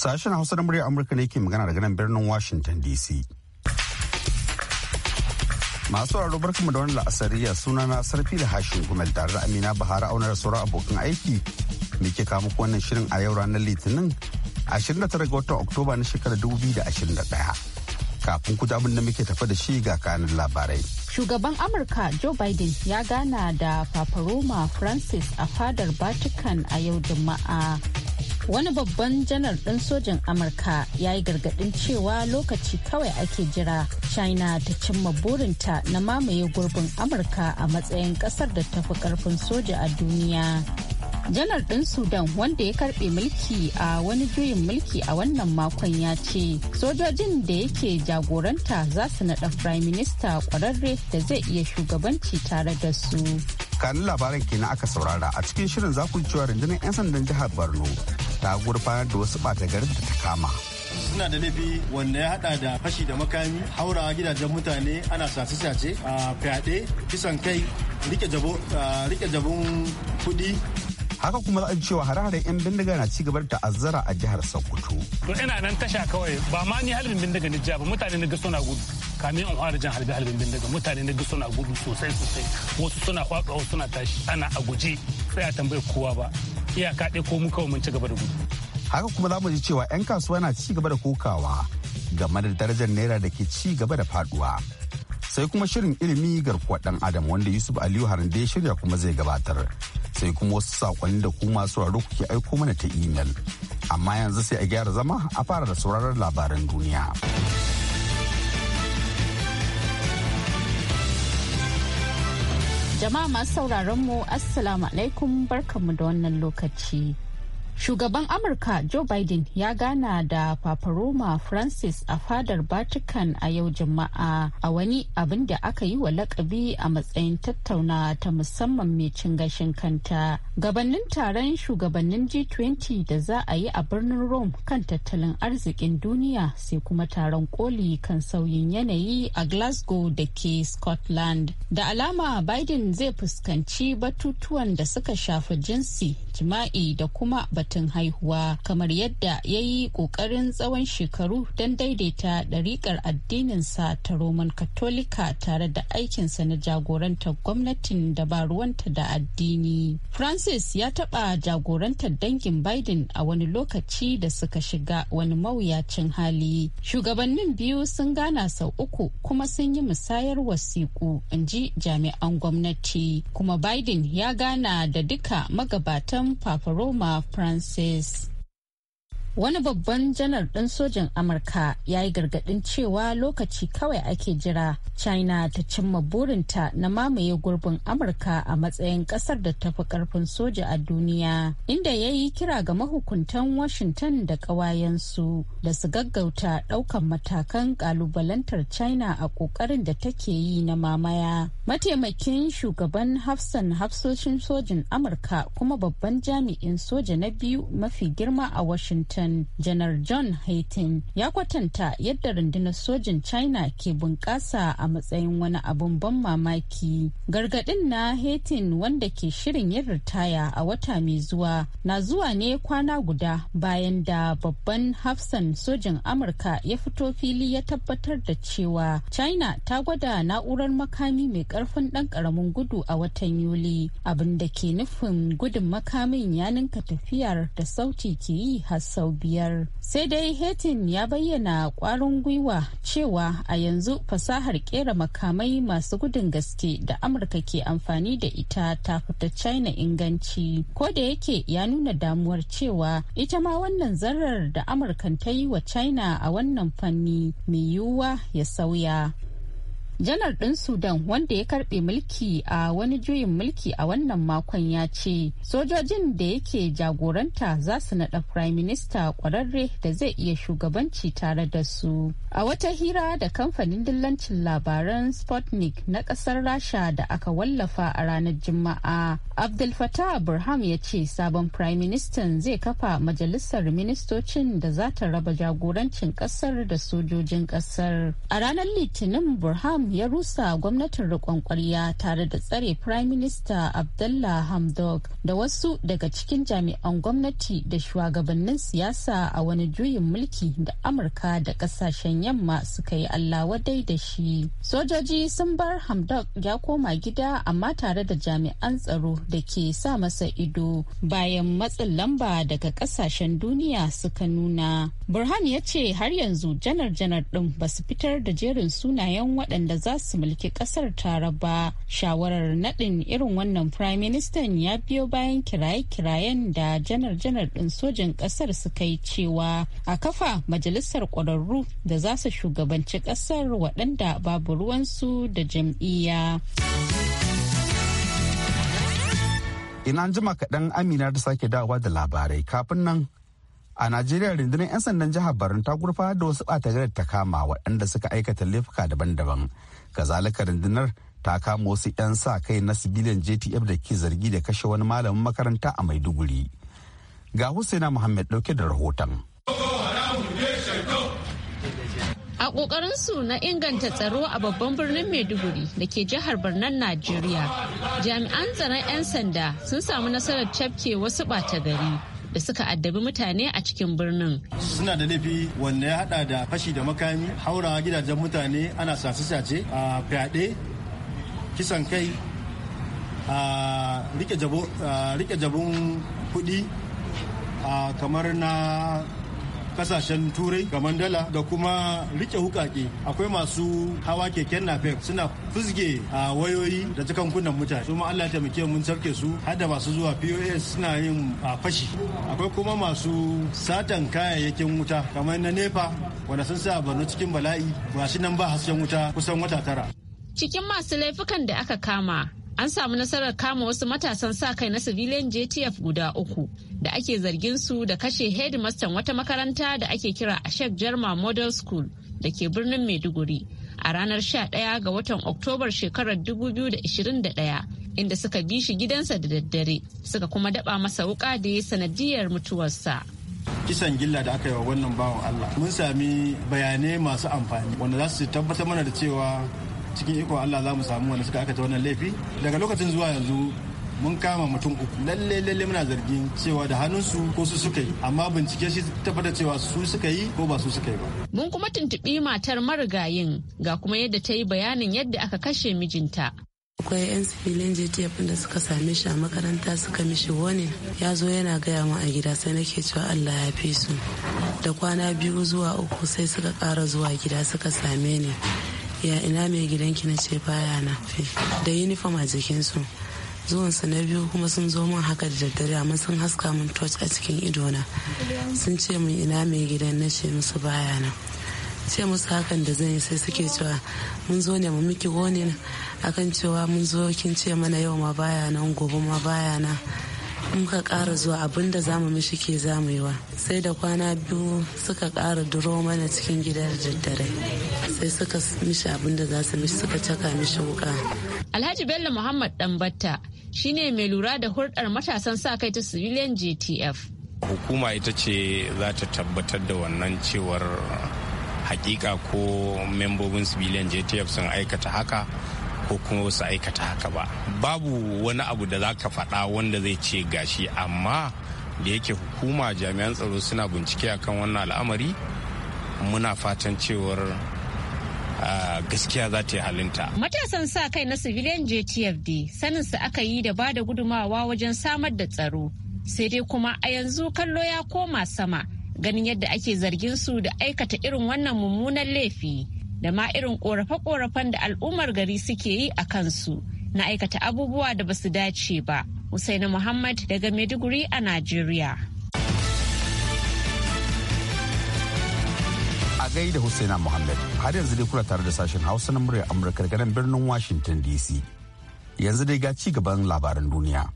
Sashen Hausa na murya Amurka ne ke magana daga nan birnin Washington DC. Masu sauraro barkanmu da wani la'asariya suna na sarfi da hashin gumel tare da Amina Bahara aunar sauran abokan aiki muke kawo muku wannan shirin a yau ranar Litinin 29 ga watan Oktoba na shekarar 2021. kafin ku abin da muke tafa da shi ga kanin labarai. Shugaban Amurka Joe Biden ya gana da Paparoma Francis a fadar Vatican a yau Juma'a. wani babban janar ɗin sojin amurka ya yi gargaɗin cewa lokaci kawai ake jira china ta cimma burinta na mamaye gurbin amurka a matsayin ƙasar da tafi ƙarfin soja a duniya janar ɗin sudan wanda ya karɓe mulki a wani juyin mulki a wannan makon ya ce sojojin da yake jagoranta za su naɗa prime minister ƙwararre da zai iya shugabanci tare da su kanin labaran kenan aka saurara a cikin shirin za ku cewa rundunar 'yan sandan jihar borno ta gurfanar da wasu ɓata garin da ta kama. suna da laifi wanda ya hada da fashi da makami haurawa gidajen mutane ana sace-sace a fyaɗe kisan kai rike jabon kuɗi haka kuma za cewa hare-haren 'yan bindiga na ci gabar ta'azzara a jihar sokoto to ina nan tasha kawai ba ma ni halin bindiga ni ba mutane na gaso na gudu kamin in fara jan halbe halbin bindiga mutane na na gudu sosai sosai wasu suna kwakwa wasu suna tashi ana a guje sai a tambayi kowa ba iyaka ɗaya ko muka mun ci gaba da gudu. haka kuma za mu ji cewa 'yan kasuwa na ci gaba da kokawa game da darajar naira da ke ci gaba da faduwa sai kuma shirin ilimi garkuwa ɗan adam wanda yusuf aliyu Harande ya shirya kuma zai gabatar sai kuma wasu sakonni da ku masu sauraro kuke aiko mana ta imel amma yanzu sai a gyara zama a fara da sauraron labaran duniya. Jama'a masu sauraron mu Assalamu alaikum barkanmu da wannan lokaci. Shugaban Amurka Joe Biden ya gana da Paparoma Francis a fadar Vatican a yau Juma'a a wani abin da aka yi wa lakabi a matsayin tattauna ta musamman mai cin gashin kanta. Gabanin taron shugabannin G20 da za a yi a birnin Rome kan tattalin arzikin duniya sai kuma taron koli kan sauyin yanayi a Glasgow da ke Scotland. Da alama Biden zai fuskanci batutuwan da suka shafi jinsi, jima'i da kuma katin haihuwa kamar yadda ya yi kokarin tsawon shekaru don daidaita ɗariƙar addininsa ta roman katolika tare da aikinsa na jagorantar gwamnatin dabaruwanta da addini francis ya taɓa jagorantar dangin biden a wani lokaci da suka shiga wani mawuyacin hali shugabannin biyu sun gana sau uku kuma sun yi musayar wasiƙu in ji jami'an gwamnati kuma biden ya gana da duka magabatan papa says wani babban janar ɗin sojin amurka ya yi gargaɗin cewa lokaci kawai ake jira china ta cimma burinta na mamaye gurbin amurka a matsayin ƙasar da tafi ƙarfin soja a duniya inda ya yi kira ga mahukuntan washington da ƙawayensu da su gaggauta ɗaukan matakan ƙalubalantar china a ƙoƙarin da take yi na mamaya mataimakin shugaban hafsan hafsoshin sojin amurka kuma babban jami'in soja na biyu mafi girma a washington washington janar john haitin ya kwatanta yadda rundunar sojin china ke bunƙasa a matsayin wani abun ban mamaki gargaɗin na haitin wanda ke shirin yin ritaya a wata mai zuwa na zuwa ne kwana guda bayan da babban hafsan sojin amurka ya fito fili ya tabbatar da cewa china ta gwada na'urar makami mai ƙarfin ɗan karamin gudu a watan yuli abin da ke nufin gudun makamin ya ninka tafiyar da sauti ke yi har sau biyar sai dai hetin ya bayyana kwarin gwiwa cewa a yanzu fasahar kera makamai masu gudun gaske da amurka ke amfani da ita ta fita china inganci ko da yake ya nuna damuwar cewa ita ma wannan zarar da amurkan ta yi wa china a wannan fanni mai yiwuwa ya sauya janar ɗin sudan wanda ya karɓe mulki a wani juyin mulki a wannan makon ya ce sojojin da yake jagoranta za su naɗa prime minister ƙwararre da zai iya shugabanci tare da su a wata hira da kamfanin dillancin labaran sputnik na ƙasar rasha da aka wallafa a ranar juma'a abdul fatah burham ya ce sabon prime minister zai kafa majalisar ministocin da za ta raba jagorancin ƙasar da sojojin ƙasar a ranar litinin burham ya rusa gwamnatin riƙon ƙwarya tare da tsare Prime Minister Abdullah Hamdok da wasu daga cikin jami'an gwamnati da shugabannin siyasa a wani juyin mulki da Amurka da kasashen yamma suka yi Allah wadai da shi. Sojoji sun bar Hamdok ya koma gida amma tare da jami'an tsaro da ke sa masa ido bayan matsin lamba daga kasashen duniya suka nuna. Burhan ya ce har yanzu janar-janar ɗin ba su fitar da jerin sunayen waɗanda za su mulki kasar ta raba shawarar nadin irin wannan prime minister ya biyo bayan kiraye-kirayen da janar-janar din sojin kasar suka yi cewa a kafa majalisar kwararru da za su shugabanci kasar waɗanda babu ruwansu da jam'iyya. ina jima kaɗan amina da sake dawa da labarai kafin nan A Najeriya rundunar 'yan sandan jihar Barin ta gurfa da wasu ɓata ta kama waɗanda suka aikata laifuka daban-daban. Kazalika rundunar ta kama wasu 'yan sa kai na sibiliyan JTF da ke zargi da kashe wani malamin makaranta a Maiduguri. Ga Husaina Muhammad ɗauke da rahoton. A su na inganta tsaro a babban birnin Maiduguri da ke jihar Barnan Najeriya, jami'an tsaron 'yan sanda sun samu nasarar cafke wasu ɓata gari da suka addabi mutane a cikin birnin. Suna da laifi wanda ya hada da fashi da makami, haurawa gidajen mutane ana sace-sace a fyaɗe, kisan kai, a rike jabun kuɗi kamar na kasashen turai ga mandala da kuma rike hukake akwai masu hawa keken napep suna fizge a wayoyi da jakankunan mutane su Allah ya taimake mun sarke su har da masu zuwa POS suna yin fashi akwai kuma masu satan kayayyakin wuta kamar na nepa wanda sun sa Borno cikin bala'i ba shi nan ba hasken wuta kusan wata tara cikin masu laifukan da aka kama an samu nasarar kama wasu matasan sa kai na civilian jtf guda uku da ake zargin su da kashe headmaster wata makaranta da ake kira a sheikh jarma model school da ke birnin maiduguri a ranar 11 ga watan oktobar shekarar 2021 inda suka bi shi gidansa da daddare suka kuma daba masa wuka da ya sanadiyar mutuwarsa kisan gilla da aka yi wa wannan bawan Allah mun sami bayanai masu amfani wanda za su tabbatar mana da cewa cikin iko Allah za mu samu wanda suka aikata wannan laifi daga lokacin zuwa yanzu mun kama mutum uku lalle lalle muna zargin cewa da hannunsu ko su suka yi amma bincike shi tabbata cewa su suka yi ko ba su suka yi ba mun kuma tuntubi matar marigayin ga kuma yadda ta yi bayanin yadda aka kashe mijinta akwai yan sifilin jtf da suka same shi a makaranta suka mishi wani ya zo yana gaya mu a gida sai nake cewa allah ya fi su da kwana biyu zuwa uku sai suka kara zuwa gida suka same ni ya ina mai gidanki na ce baya na da uniform a jikinsu zuwansu na biyu kuma sun zo min haka da daddare amma sun haska min torch a cikin idona sun ce min ina mai gidan na ce musu baya na ce musu hakan da zan yi sai suke cewa mun zo ne mu miki wani akan cewa mun zo kin ce mana yau ma baya nan gobe ma baya na muka ƙara zuwa abin da zamu mishi ke zamuwa sai da kwana biyu suka ƙara duro mana cikin gida da daddare sai suka mishi abin da za su mishi suka caka mishi wuka alhaji bello muhammad danbatta shine mai lura da hulɗar matasan sa kai ta civilian gtf hukuma ita ce za ta tabbatar da wannan cewar hakika ko membobin civilian gtf sun aikata haka ko kuma ba aikata haka ba babu wani abu da za ka faɗa wanda zai ce gashi amma da yake hukuma jami'an tsaro suna bincike akan wannan al'amari muna fatan cewar gaskiya za ta yi halinta. Matasan sa kai na civilian JTFD sanin su aka yi da bada gudumawa wajen samar da tsaro. Sai dai kuma a yanzu kallo ya koma sama ganin yadda ake zargin su da aikata irin wannan mummunan laifi. da ma irin korafe-korafen da al'ummar gari suke yi a kansu na aikata abubuwa da basu dace ba. Usaina Muhammad daga Maiduguri a Najeriya. A gaida Husaina Muhammad, har yanzu dai kula tare da sashen Hausa na muryar Amurka daga nan birnin Washington DC. Yanzu dai ga ci gaban labaran duniya.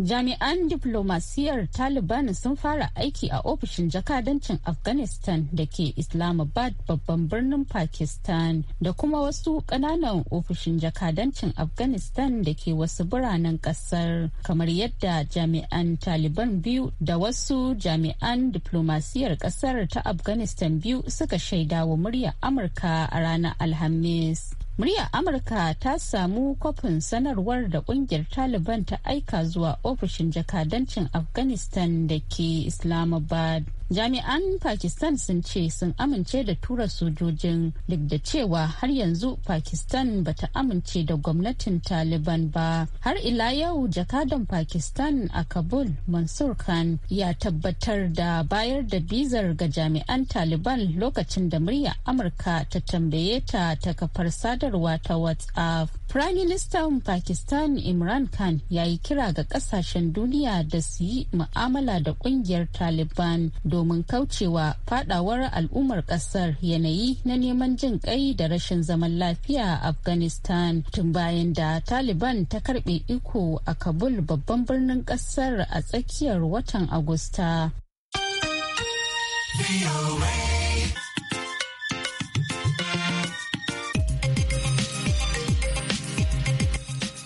jami'an diflomasiyyar taliban sun fara aiki a ofishin jakadancin afghanistan da ke islamabad babban birnin pakistan da kuma wasu kananan ofishin jakadancin afghanistan da ke wasu biranen kasar kamar yadda jami'an taliban biyu da wasu jami'an diflomasiyyar kasar ta afghanistan biyu suka shaida wa murya amurka a ranar alhamis muryar amurka ta samu kwafin sanarwar da kungiyar taliban ta aika zuwa ofishin jakadancin afghanistan da ke islamabad jami'an pakistan sun ce sun amince da tura sojojin duk da cewa har yanzu pakistan ba ta amince da gwamnatin taliban ba har ila yau jakadan pakistan a kabul mansur khan ya tabbatar da bayar da bizar ga jami'an taliban lokacin da murya amurka ta tambaye ta ta kafar sadarwa ta whatsapp Prime Minister Pakistan Imran Khan ya yi kira ga kasashen duniya da su yi mu'amala da kungiyar Taliban domin kaucewa fadawar al'ummar kasar yanayi na neman jin kai da rashin zaman lafiya a Afghanistan tun bayan da Taliban ta karbe iko a Kabul babban birnin kasar a tsakiyar watan Agusta.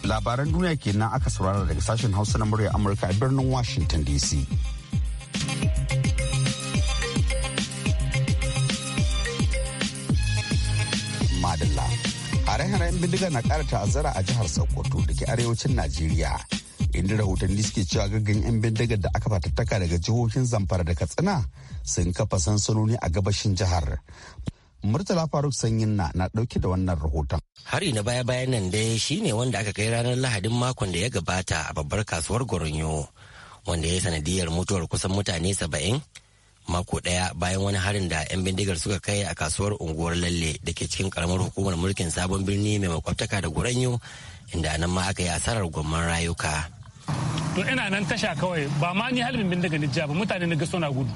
labaran duniya kenan aka saurara daga sashen hausa na murya amurka a birnin washington dc madalla hare-haren bindiga na kara ta'azzara a jihar sokoto da ke arewacin najeriya inda rahotanni suke cewa gaggan 'yan bindiga da aka fatattaka daga jihohin zamfara da katsina sun kafa sansanoni a gabashin jihar Murtala Faruk Sanyin na na ɗauke da wannan rahoton. Hari na baya-bayan nan dai shine wanda aka kai ranar Lahadin makon da ya gabata a babbar kasuwar Goronyo, wanda ya sanadiyar mutuwar kusan mutane saba'in mako ɗaya bayan wani harin da 'yan bindigar suka kai a kasuwar unguwar Lalle da ke cikin karamar hukumar mulkin sabon birni mai makwabtaka da Goronyo, inda nan ma aka yi asarar gwamman rayuka. To ina nan tasha kawai ba ma ni halin bindiga ni ba mutane na ga suna gudu.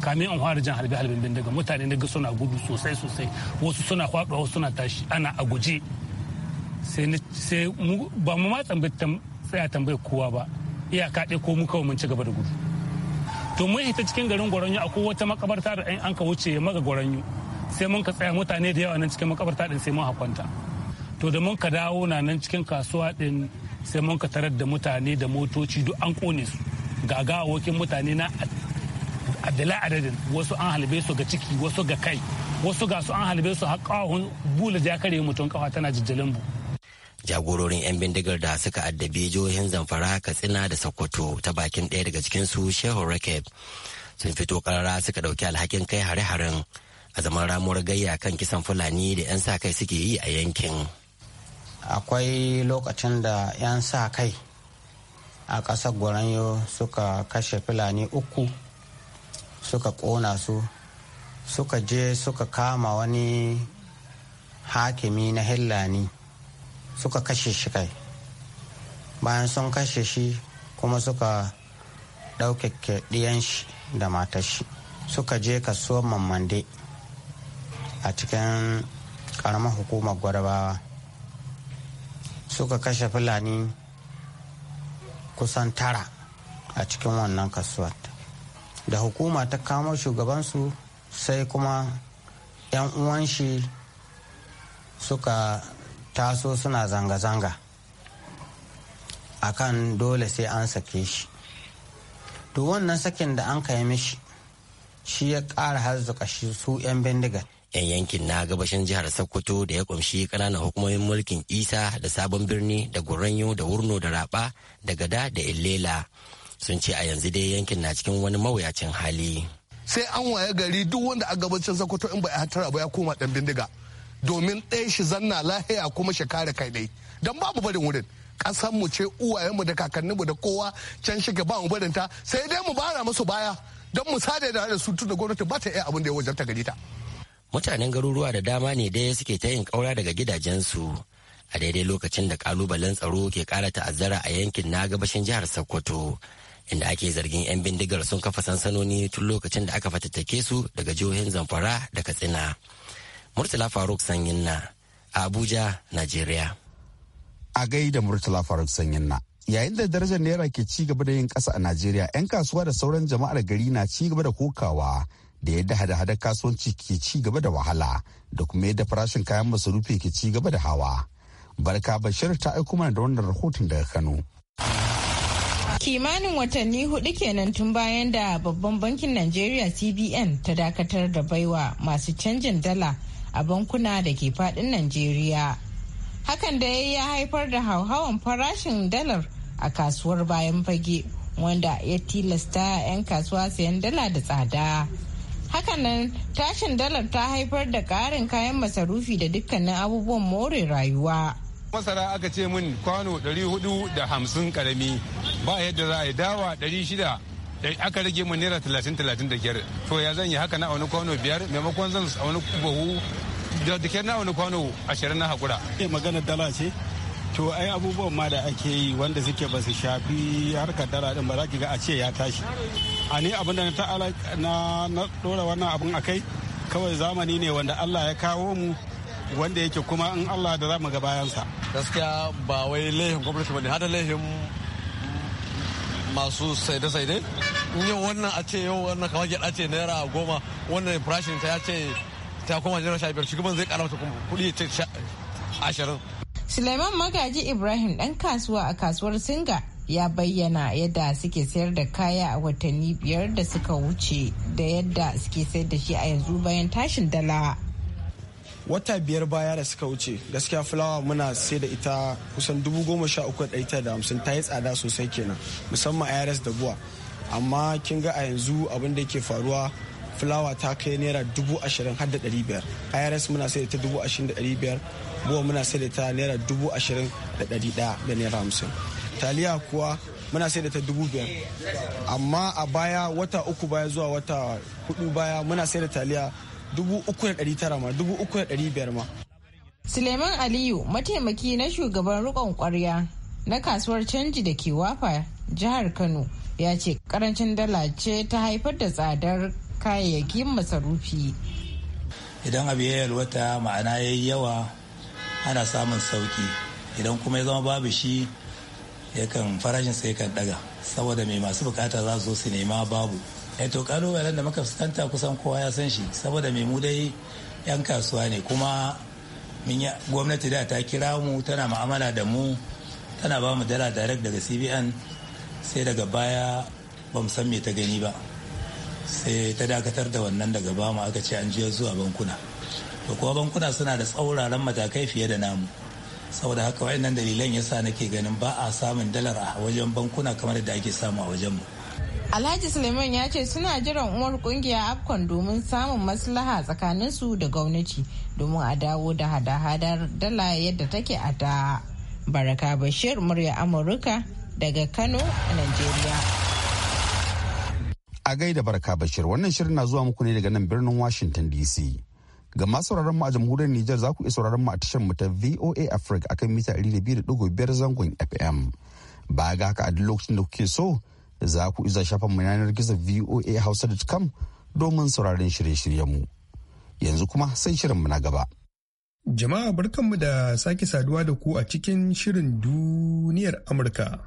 kamin an fara jan halbe halben bindiga mutane na suna gudu sosai sosai wasu suna kwaɗo wasu suna tashi ana a guje sai ba mu ma tsaya tambayi kowa ba iyaka ɗaya ko mu kawai mun ci gaba da gudu to mun hita cikin garin a akwai wata makabarta da an ka wuce maga gwaranyu sai mun ka tsaya mutane da yawa nan cikin makabarta din sai mun hakwanta to da mun ka dawo na nan cikin kasuwa din sai mun ka tarar da mutane da motoci duk an kone su ga gawawakin mutane na a da adadin wasu an halbe su ga ciki wasu ga kai wasu ga su an halbe su har kahun bula ja kare mutum kawa tana bu. jagororin 'yan bindigar da suka addabi jihohin zamfara katsina da sokoto ta bakin ɗaya daga cikin su shehu rakeb sun fito karara suka ɗauki alhakin kai hare-haren a zaman ramuwar gayya kan kisan fulani da 'yan sa kai suke yi a yankin akwai lokacin da 'yan sa kai a ƙasar gwaranyo suka kashe fulani uku suka kona su suka je suka kama wani hakimi na hillani suka kashe shi kai bayan sun kashe shi kuma suka ɗauke ɗiyan shi da matar shi suka je kasuwar mamande a cikin karamar hukumar gwarabawa suka kashe fulani kusan tara a cikin wannan kasuwar da hukuma ta kamo shugabansu sai kuma 'yan uwan shi suka taso suna zanga-zanga a kan dole sai an sake shi to wannan sakin da an kai mishi shi ya ƙara harzuka shi su 'yan bindigar 'yan yankin na gabashin jihar sokoto da ya kunshi kananan hukumomin mulkin isa da sabon birni da goranyo da wurno da raba da gada da illela sun ce a yanzu dai yankin na cikin wani mawuyacin hali sai an waye gari duk wanda a gabacin sokoto in ba a hatara ba ya koma dan bindiga domin ɗaya shi zanna lahiya kuma shi kare kai ɗai don babu barin wurin kasan mu ce mu da kakannin mu da kowa can shiga ba mu barin ta sai dai mu bara musu baya don mu sada da su tun da gwamnati ba ta iya abin da ya wajen ta gari ta. mutanen garuruwa da dama ne dai suke ta yin ƙaura daga gidajensu a daidai lokacin da kalubalen tsaro ke kara ta'azzara a yankin na gabashin jihar sokoto inda ake zargin 'yan bindigar sun kafa sansanoni tun lokacin da aka fatattake su daga jihohin zamfara da katsina murtala faruk sanyin abuja nigeria a gaida murtala faruk sanyin na yayin da darajar naira ke ci gaba da yin kasa a najeriya 'yan kasuwa da sauran jama'ar gari na ci gaba da kokawa da yadda hada-hada kasuwanci ke ci gaba da wahala da kuma yadda farashin kayan masarufi ke ci gaba da hawa barka bashir ta aiko mana da wannan rahoton daga kano Kimanin watanni hudu kenan tun bayan da babban bankin Najeriya CBN ta dakatar da baiwa masu canjin dala a bankuna da ke fadin Najeriya. Hakan da ya haifar da hauhawan farashin dalar a kasuwar bayan fage wanda ya tilasta 'yan kasuwa sayan dala da tsada. Hakanan tashin dalar ta haifar da karin kayan masarufi da dukkanin abubuwan more rayuwa. masara aka ce min kwano 450 karami ba yadda za a yi dawa 600 aka rage mun naira 30-30 da kyar to ya zan yi haka na wani kwano biyar maimakon zan wani buhu da kyar na wani kwano 20 na hakura magana dala ce to ai abubuwan ma da ake yi wanda suke ba su shafi harkar dala din ba za ki ga a ce ya tashi a ne abin da na na dora wannan abin akai kawai zamani ne wanda Allah ya kawo mu wanda yake kuma in Allah da za mu ga bayansa. Gaskiya ba wai laifin gwamnati ba ne, hada laifin masu saide-saide. yau wannan a ce yau wannan kawai gyaɗa ce naira goma wannan farashin ta ya ce ta koma jira sha biyar shugaban zai ƙara kudi kuɗi ce ashirin. Suleiman Magaji Ibrahim ɗan kasuwa a kasuwar Singa ya bayyana yadda suke sayar da kaya a watanni biyar da suka wuce da yadda suke sayar da shi a yanzu bayan tashin dala. wata biyar baya da suka wuce gaskiya fulawa muna sai da ita kusan dubu goma sha uku da ita da hamsin ta yi tsada sosai kenan musamman irs da buwa amma kin ga a yanzu abin da ke faruwa fulawa ta kai naira dubu ashirin har da ɗari biyar irs muna sai da ta dubu ashirin da ɗari biyar buwa muna sai da ta naira dubu ashirin da ɗari ɗaya da naira hamsin taliya kuwa muna sai da ta dubu biyar amma a baya wata uku baya zuwa wata hudu baya muna sai da taliya dubu ma biyar ma. Suleiman Aliyu mataimaki na shugaban rukon kwarya na kasuwar canji da ke wafa jihar Kano ya ce karancin dala ce ta haifar da tsadar kayayyakin masarufi. Idan abu ya yalwata ma'ana ya yi yawa ana samun sauki idan kuma ya zama babu shi yakan sai kan daga saboda mai masu bukata za su nema babu eh to kalubalen da muka fuskanta kusan kowa ya san shi saboda mai mu dai yan kasuwa ne kuma gwamnati da ta kira mu tana ma'amala da mu tana ba mu dala direct daga cbn sai daga baya ba san me ta gani ba sai ta dakatar da wannan daga ba mu aka ce an jiya zuwa bankuna to kuma bankuna suna da tsauraran matakai fiye da namu saboda haka wa'annan dalilan yasa nake ganin ba a samun dalar a wajen bankuna kamar da ake samu a wajen mu Alhaji Suleiman ya ce suna jiran uwar kungiya Afcon domin samun maslaha tsakanin su da gwamnati domin a dawo da hada-hadar dala yadda take a da. Baraka Bashir murya Amurka daga Kano a nigeria. A gaida Baraka Bashir wannan shirin na zuwa muku ne daga nan birnin Washington DC. Ga masu mu a jamhuriyar Nijar za ku iya sauraron mu a tashar mu ta VOA Africa akan mita 200.5 zangon FM. Ba ga haka a duk lokacin da kuke so za ku iza shafan mu yanar gizo voa hausa.com domin sauraron shirye-shiryenmu. Yanzu kuma sai shirinmu na gaba. Jama'a barkanmu da sake saduwa da ku a cikin shirin duniyar Amurka.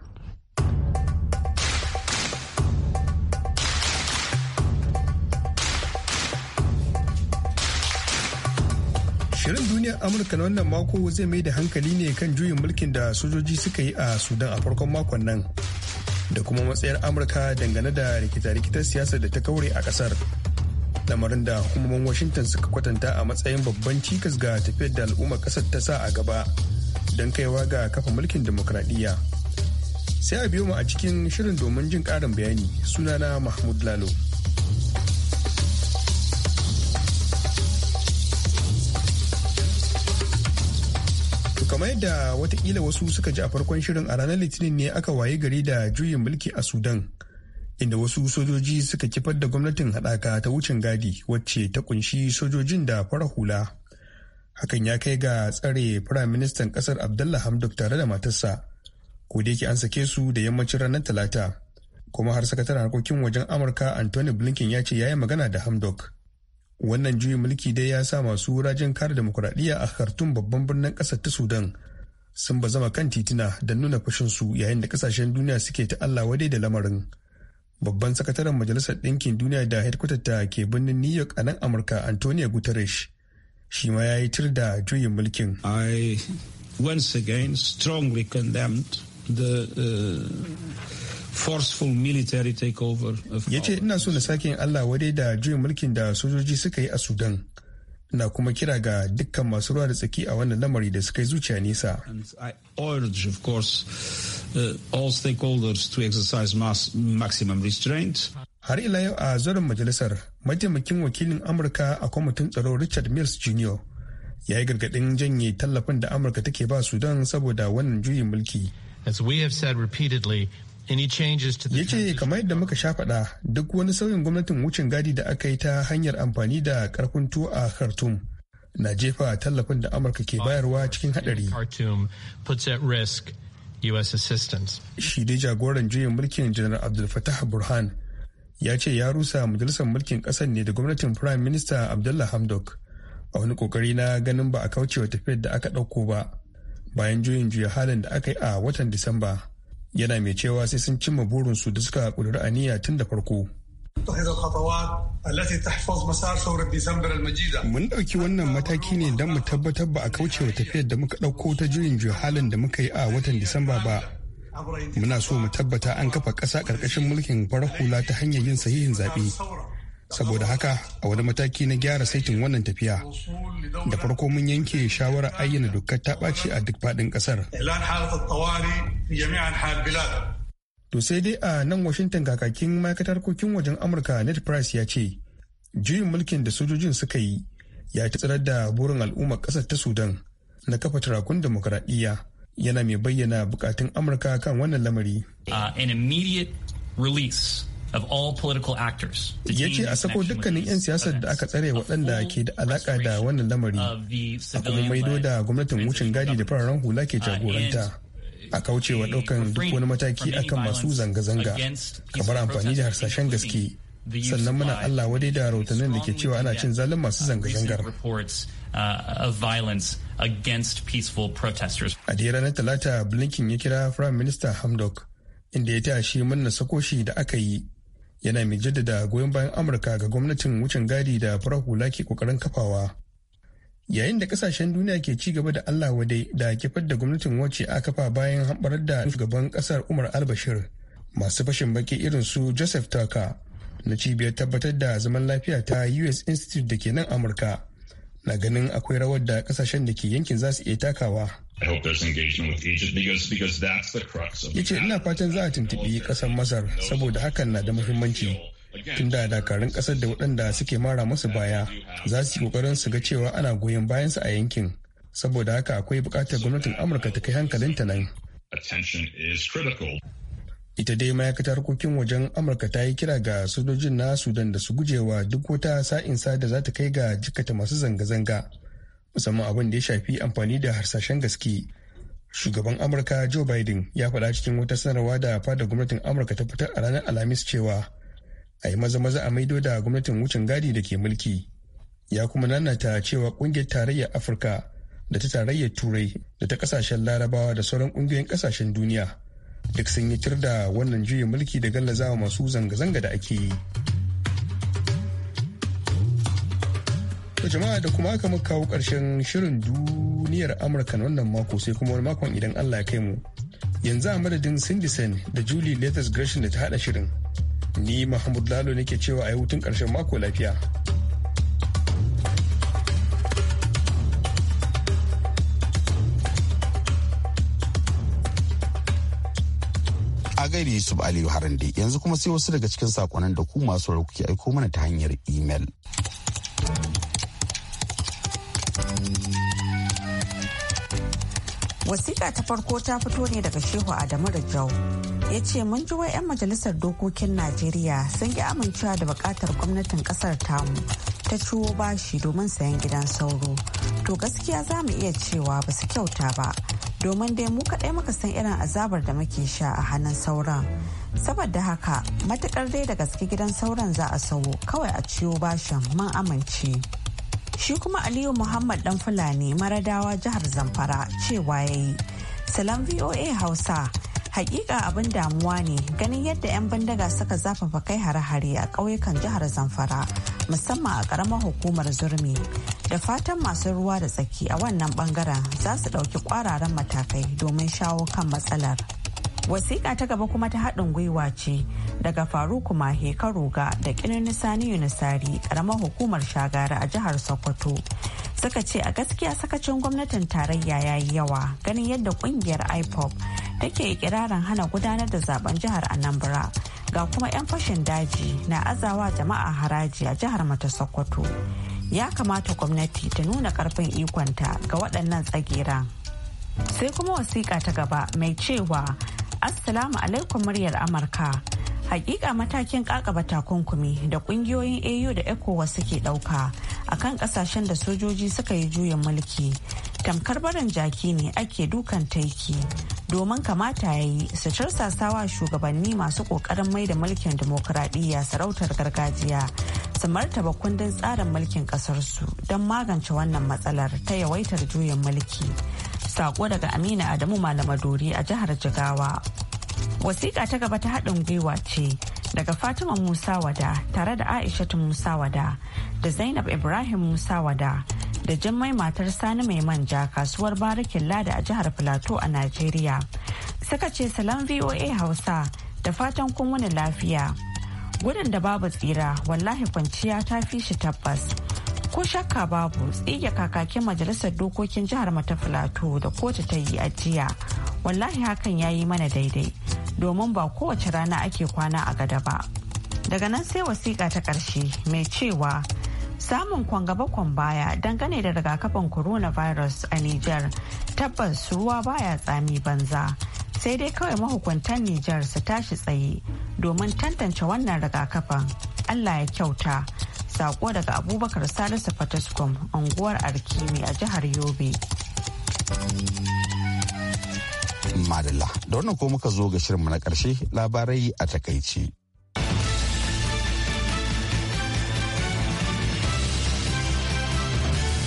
Shirin duniyar Amurka na wannan mako zai mai da hankali ne kan juyin mulkin da sojoji suka yi a Sudan a farkon makon nan. da kuma matsayar amurka dangane da rikita-rikitar siyasar da ta kaure a kasar lamarin da hukumomin washington suka kwatanta a matsayin babban cikas ga tafiyar da al'ummar kasar ta sa a gaba don kaiwa ga kafa mulkin demokradiyya sai a biyo mu a cikin shirin domin jin ƙarin bayani sunana mahmud lalo kamar yadda watakila wasu suka ji a farkon shirin a ranar litinin ne aka waye gari da juyin mulki a sudan inda wasu sojoji suka kifar da gwamnatin haɗaka ta wucin gadi wacce ta kunshi sojojin da fara hula hakan ya kai ga tsare firayim ministan ƙasar abdullah hamdok tare da matarsa ko da yake an sake su da yammacin ranar talata kuma har sakataren harkokin wajen amurka anthony blinken ya ce ya yi magana da hamdok wannan juyin mulki dai ya sa masu rajin kare demokuraɗiyya a khartoum babban birnin ƙasar ta sudan sun ba zama kan titina da nuna su yayin da ƙasashen duniya suke ta allah wadai da lamarin babban sakataren majalisar ɗinkin duniya da headquarter ta ke birnin new york a nan amurka antonio guterres shi ma ya yi tir da juyin mulkin i once again strongly condemned the uh, forceful military takeover of ya ce ina so na sake yin allah wadai da juyin mulkin da sojoji suka yi a sudan na kuma kira ga dukkan masu ruwa da tsaki a wannan lamari da suka yi zuciya nisa. Uh, Har ila yau a zoron majalisar mataimakin wakilin Amurka a kwamitin tsaro Richard Mills Jr. ya yi gargaɗin janye tallafin da Amurka take ba Sudan saboda wannan juyin mulki. As we have said repeatedly, ya ce kamar yadda muka sha faɗa duk wani sauyin gwamnatin wucin gadi da aka yi ta hanyar amfani da karfin tuwo a khartoum na jefa tallafin da amurka ke bayarwa cikin haɗari shi dai jagoran juyin mulkin janar Abdulfatah burhan ya ce ya rusa majalisar mulkin ƙasar ne da gwamnatin prime minister abdullah hamdok a wani kokari na ganin ba a kaucewa tafiyar da aka ɗauko ba bayan juyin juya halin da aka yi a watan disamba yana mai cewa sai sun cimma burinsu da suka ƙudiri aniya tun da farko. Mun ɗauki wannan mataki ne don mu tabbatar ba a kauce wa tafiyar da muka ɗauko ta juyin halin da muka yi a watan Disamba ba. Muna so mu tabbata an kafa ƙasa ƙarƙashin mulkin farahula ta hanyar yin sahihin zaɓe. saboda haka a wani mataki na gyara saitin wannan tafiya da farko mun yanke shawarar ayyana dokar ta ɓaci a duk faɗin ƙasar to sai dai a nan washington kakakin ma'aikatar harkokin wajen amurka net price ya ce juyin mulkin da sojojin suka yi ya ta tsirar da burin al'ummar ƙasar ta sudan na kafa turakun demokuraɗiyya yana mai bayyana bukatun amurka kan wannan lamari uh, an immediate release of all political actors. Ya ce a sako dukkanin 'yan siyasar da aka tsare waɗanda ke da alaƙa da wannan lamari a kuma maido da gwamnatin wucin gadi da fararen hula ke uh, jagoranta. a kaucewa uh, ɗaukan duk wani mataki akan masu zanga-zanga kamar amfani da harsashen gaske sannan muna Allah wadai da rahotannin da ke cewa ana cin zalin masu uh, zanga-zangar. A da ranar Talata Blinken ya kira Prime Minister Hamdok inda ya tashi shi manna sakoshi da aka yi yana mai jaddada goyon bayan amurka ga gwamnatin wucin gadi da fara hula ke kokarin kafawa yayin da kasashen duniya ke ci gaba da allah wadai da kifar da gwamnatin wacce a kafa bayan hamɓarar da shugaban kasar umar albashir masu fashin baki irin su joseph tucker na cibiyar tabbatar da zaman lafiya ta us institute da ke nan amurka na ganin akwai rawar da kasashen da ke yankin za su iya takawa Ya ce ina fatan za a tuntuɓi ƙasar Masar saboda hakan na da muhimmanci. tun da dakarun ƙasar da waɗanda suke mara masu baya za su yi ƙoƙarin su ga cewa ana goyon bayansu a yankin. Saboda haka akwai buƙatar gwamnatin Amurka ta kai hankalinta nan. Ita dai ma'aikatar harkokin wajen Amurka ta yi kira ga sojojin na Sudan da su gujewa duk wata sa'insa da za ta kai ga jikata masu zanga-zanga. musamman abin da ya shafi amfani da harsashen gaske shugaban amurka joe biden ya faɗa cikin wata sanarwa da fada gwamnatin amurka ta fitar a ranar alhamis cewa a yi maza maza a maido da gwamnatin wucin gadi da ke mulki ya kuma nanata cewa ƙungiyar tarayyar afirka da ta tarayyar turai da ta kasashen larabawa da sauran ƙungiyoyin ƙasashen duniya duk sun yi tir da wannan juyin mulki da gallazawa masu zanga-zanga da ake yi. To jama'a da kuma aka muka kawo ƙarshen shirin duniyar Amurka na wannan mako sai kuma wani makon idan Allah ya kai mu. Yanzu a madadin Cindy Sen da Julie Letters Gresham da ta haɗa shirin. Ni Mahmud Lalo nake cewa a yi hutun ƙarshen mako lafiya. a gaida Yusuf Aliyu Harande yanzu kuma sai wasu daga cikin sakonnin da ku masu kuke aiko mana ta hanyar imel. wasiƙa ta farko ta fito ne daga shehu adamu rajau ya ce mun ji wa 'yan majalisar dokokin najeriya sun yi amincewa da buƙatar gwamnatin ƙasar tamu ta ciwo bashi domin sayan gidan sauro to gaskiya za mu iya cewa ba su kyauta ba domin dai mu kaɗai muka san irin azabar da muke sha a hannun sauran saboda haka matukar dai da gaske gidan sauran za a sawo kawai a ciwo bashin mun amince. Shi kuma Aliyu Muhammad dan Fulani maradawa jihar Zamfara cewa ya yi. Salam VOA Hausa. hakika abin damuwa ne ganin yadda 'yan bandaga suka zafafa kai hare-hare a ƙauyukan jihar zamfara musamman a ƙaramar hukumar zurmi da fatan masu ruwa da tsaki a wannan ɓangaren za su ɗauki ƙwararan matakai domin shawo kan matsalar. wasiƙa ta gaba kuma ta haɗin gwiwa ce daga faruku mahe karuga da ƙinin sani yunusari ƙaramar hukumar shagara a jihar sokoto suka ce a gaskiya sakacin gwamnatin tarayya ya yi yawa ganin yadda ƙungiyar ipop take ikirarin hana gudanar da zaben jihar anambra ga kuma 'yan fashin daji na azawa jama'a haraji a jihar mata sokoto ya kamata gwamnati ta nuna karfin ikonta ga waɗannan tsagera sai kuma wasiƙa ta gaba mai cewa Assalamu alaikum muryar Amurka. Hakika matakin kakaba takunkumi da kungiyoyin AU da ECOWAS suke dauka kan kasashen da sojoji suka yi juyin mulki. Tamkar barin jaki ne ake dukan taiki. Domin kamata ya yi su cirsasawa shugabanni masu kokarin mai da mulkin dimokuraɗiyya sarautar gargajiya su martaba kundin tsarin mulkin ƙasarsu don magance wannan matsalar ta yawaitar juyin mulki. Sako daga Amina Adamu dori a jihar Jigawa. Wasiƙa ta gaba ta haɗin gwiwa ce daga Fatima Musa Wada tare da Aishatu Musa Wada da Zainab Ibrahim Musa Wada da Jummai matar Sani mai manja kasuwar Barikin Lada a jihar Filato a Najeriya. Suka ce salam VOA Hausa da fatan kun wani lafiya. Gudun da babu tsira wallahi kwanciya ta fi shi tabbas. ko shakka babu tsige kakakin majalisar dokokin jihar mata filato da kotu ta yi a jiya wallahi hakan ya yi mana daidai domin ba kowace rana ake kwana a gada ba daga nan sai wasiƙa ta ƙarshe mai cewa samun kwangaba kwan baya dangane da rigakafin coronavirus a niger tabbas ruwa baya tsami banza sai dai kawai mahukuntan niger su tashi tsaye domin tantance wannan rigakafin allah ya kyauta Sako daga Abubakar Salisu Fataskom, unguwar Arkimi a jihar Yobe. Madalla, da wannan ko muka zo ga shirinmu na ƙarshe labarai a takaici.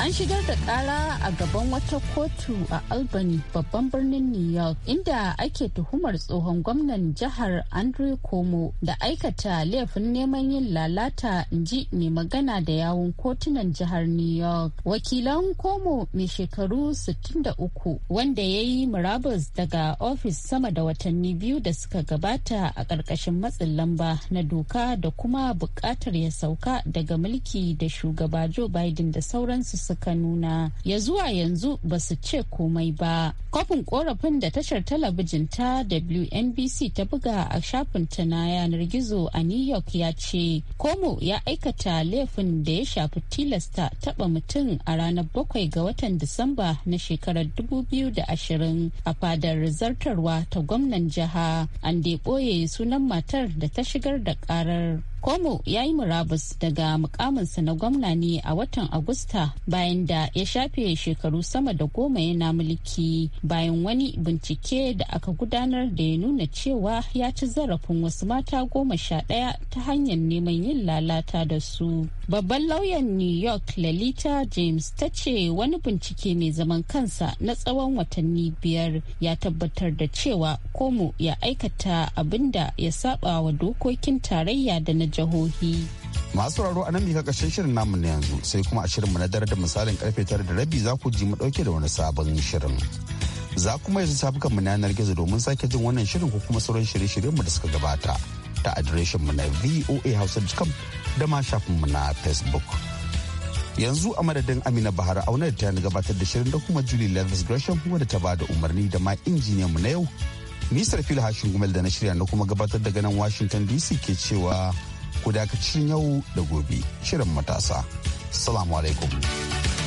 an shigar da kara a gaban wata kotu a albany babban birnin new york inda ake tuhumar tsohon gwamnan jihar andre komo da aikata laifin neman yin lalata ji mai magana da yawun kotunan jihar new york wakilan komo mai shekaru 63 wanda ya yi murabus daga ofis sama da watanni biyu da suka gabata a ƙarƙashin matsin lamba na doka da kuma buƙatar ya sauka daga mulki da shugaba joe biden da sauransu suka nuna ya zuwa yanzu ba su ce komai ba kofin korafin da tashar talabijin ta wnbc ta buga a shafin ta na yanar gizo a new york ya ce komo ya aikata laifin da ya shafi tilasta taba mutum a ranar bakwai ga watan disamba na shekarar 2020 a fadar zartarwa ta gwamnan jiha an da ɓoye sunan matar da ta shigar da karar Komo ya yi murabus daga mukaminsa na gwamna ne a watan Agusta bayan da ya shafe shekaru sama da goma yana mulki bayan wani bincike da aka gudanar da ya nuna cewa ya ci zarafin wasu mata goma sha ɗaya ta hanyar neman yin lalata da su. Babban lauyan New York Lalita James ta ce wani bincike mai zaman kansa na tsawon watanni biyar ya tabbatar da cewa Komo ya aikata abinda ya saba wa dokokin tarayya da na na jihohi. Masu sauraro a nan mika ƙarshen shirin namu na yanzu sai kuma a shirinmu na dare da misalin karfe tara da rabi za ku ji mu dauke da wani sabon shirin. Za kuma yanzu sabukan mu na yanar gizo domin sake jin wannan shirin ko kuma sauran shirye-shiryenmu da suka gabata ta adireshin mu na voahausa.com da ma shafinmu na Facebook. Yanzu a madadin Amina Bahar Auna da ta gabatar da shirin da kuma Julie Levis Gresham wadda ta bada umarni da ma injiniyan mu na yau. Nisar phil Hashin Gumel da na shirya na kuma gabatar daga nan Washington DC ke cewa ku dakacin yau da gobe shirin matasa. Salamu alaikum.